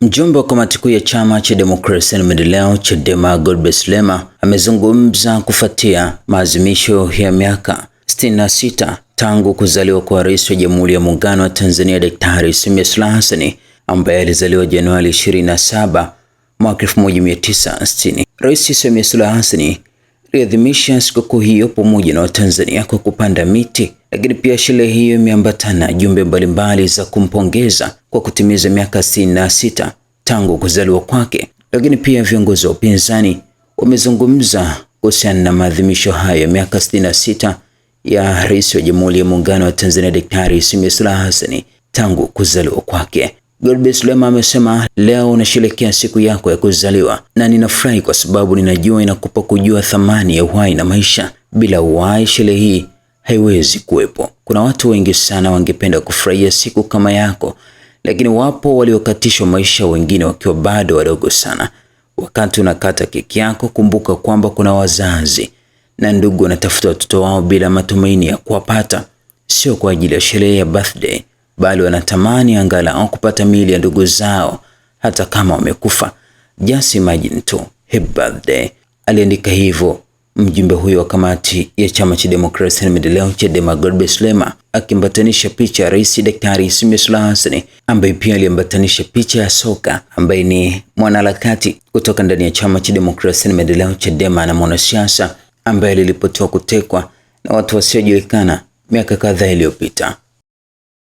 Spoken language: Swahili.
Mjumbe wa kamati kuu ya chama cha demokrasia na maendeleo Chadema, Godbless Lema amezungumza kufuatia maadhimisho ya miaka 66 tangu kuzaliwa kwa rais wa Jamhuri ya Muungano wa Tanzania Daktari Samia Suluhu Hassan ambaye alizaliwa Januari 27 mwaka 1960. Rais Samia Suluhu Hassan iliadhimisha sikukuu hiyo pamoja na Watanzania kwa kupanda miti, lakini pia sherehe hiyo imeambatana jumbe mbalimbali za kumpongeza kwa kutimiza miaka sitini na sita tangu kuzaliwa kwake. Lakini pia viongozi wa upinzani wamezungumza kuhusiana na maadhimisho hayo ya miaka sitini na sita ya Rais wa Jamhuri ya Muungano wa Tanzania Daktari Samia Suluhu Hassan tangu kuzaliwa kwake. Godbless Sulema amesema leo unasherehekea siku yako ya kuzaliwa, na ninafurahi kwa sababu ninajua inakupa kujua thamani ya uhai na maisha. Bila uhai, sherehe hii haiwezi kuwepo. Kuna watu wengi sana wangependa kufurahia siku kama yako, lakini wapo waliokatishwa maisha, wengine wakiwa bado wadogo sana. Wakati unakata keki yako, kumbuka kwamba kuna wazazi na ndugu wanatafuta watoto wao bila matumaini ya kuwapata. Sio kwa ajili ya sherehe ya birthday bali wanatamani angalau kupata mili ya ndugu zao hata kama wamekufa. Just imagine tu, happy birthday. Aliandika hivyo mjumbe huyo wa kamati ya chama cha demokrasia na maendeleo Chadema, Godbless Lema, akiambatanisha picha ya Rais Daktari Samia Suluhu Hassan, ambaye pia aliambatanisha picha ya Soka ambaye ni mwanaharakati kutoka ndani ya chama cha demokrasia na maendeleo Chadema na mwanasiasa ambaye aliripotiwa kutekwa na watu wasiojulikana miaka kadhaa iliyopita.